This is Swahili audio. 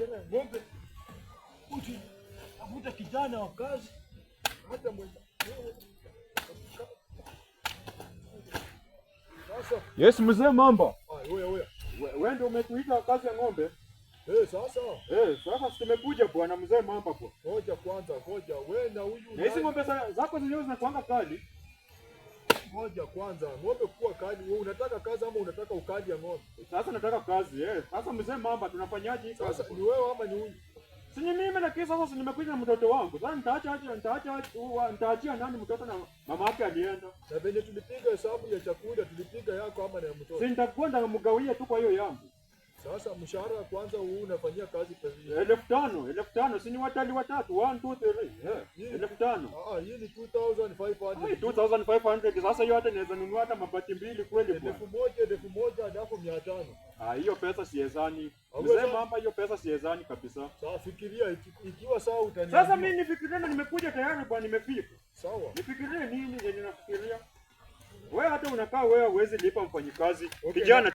tena ng'ombe uti avuta kijana wa kazi hata Yes, mzee mamba. Wewe ndio umetuita kazi ya ng'ombe? Eh, sasa. Eh, sasa bwana mzee mamba kwa. Ngoja kwanza, ngoja wewe na huyu. Na hizi ng'ombe zako zenyewe zinakuanga kali ngoja kwanza, ng'ombe kuwa kali. Wewe unataka kazi ama unataka ukali ya ng'ombe? Sasa nataka kazi eh. Sasa mzee mamba, tunafanyaje sasa? Ni wewe ama ni huyu? Si ni mimi na kisa sasa, nimekuja na mtoto wangu. Sasa nitaacha aje, nitaacha aje, nitaachia nani mtoto na mama yake alienda. Na vile tulipiga hesabu ya chakula, tulipiga yako ama na ya mtoto. Si nitakwenda mgawia tu kwa hiyo yangu. Sasa mshahara wa kwanza huu unafanyia kazi pesa. Elfu tano, elfu tano, si ni watali watatu, 1 2 3 tano. Ah, hii ah, sasa hiyo hata niweza nunua hata mabati mbili kweli bwana. Ah, hiyo pesa siwezani. Mzee mama hiyo pesa siwezani kabisa. Sawa, fikiria ikiwa sawa utaniambia. Sasa mimi nifikirie na nimekuja tayari bwana nimefika. Sawa. Nifikirie nini yenye nafikiria? Wewe hata unakaa wewe uweze lipa mfanyikazi. Kijana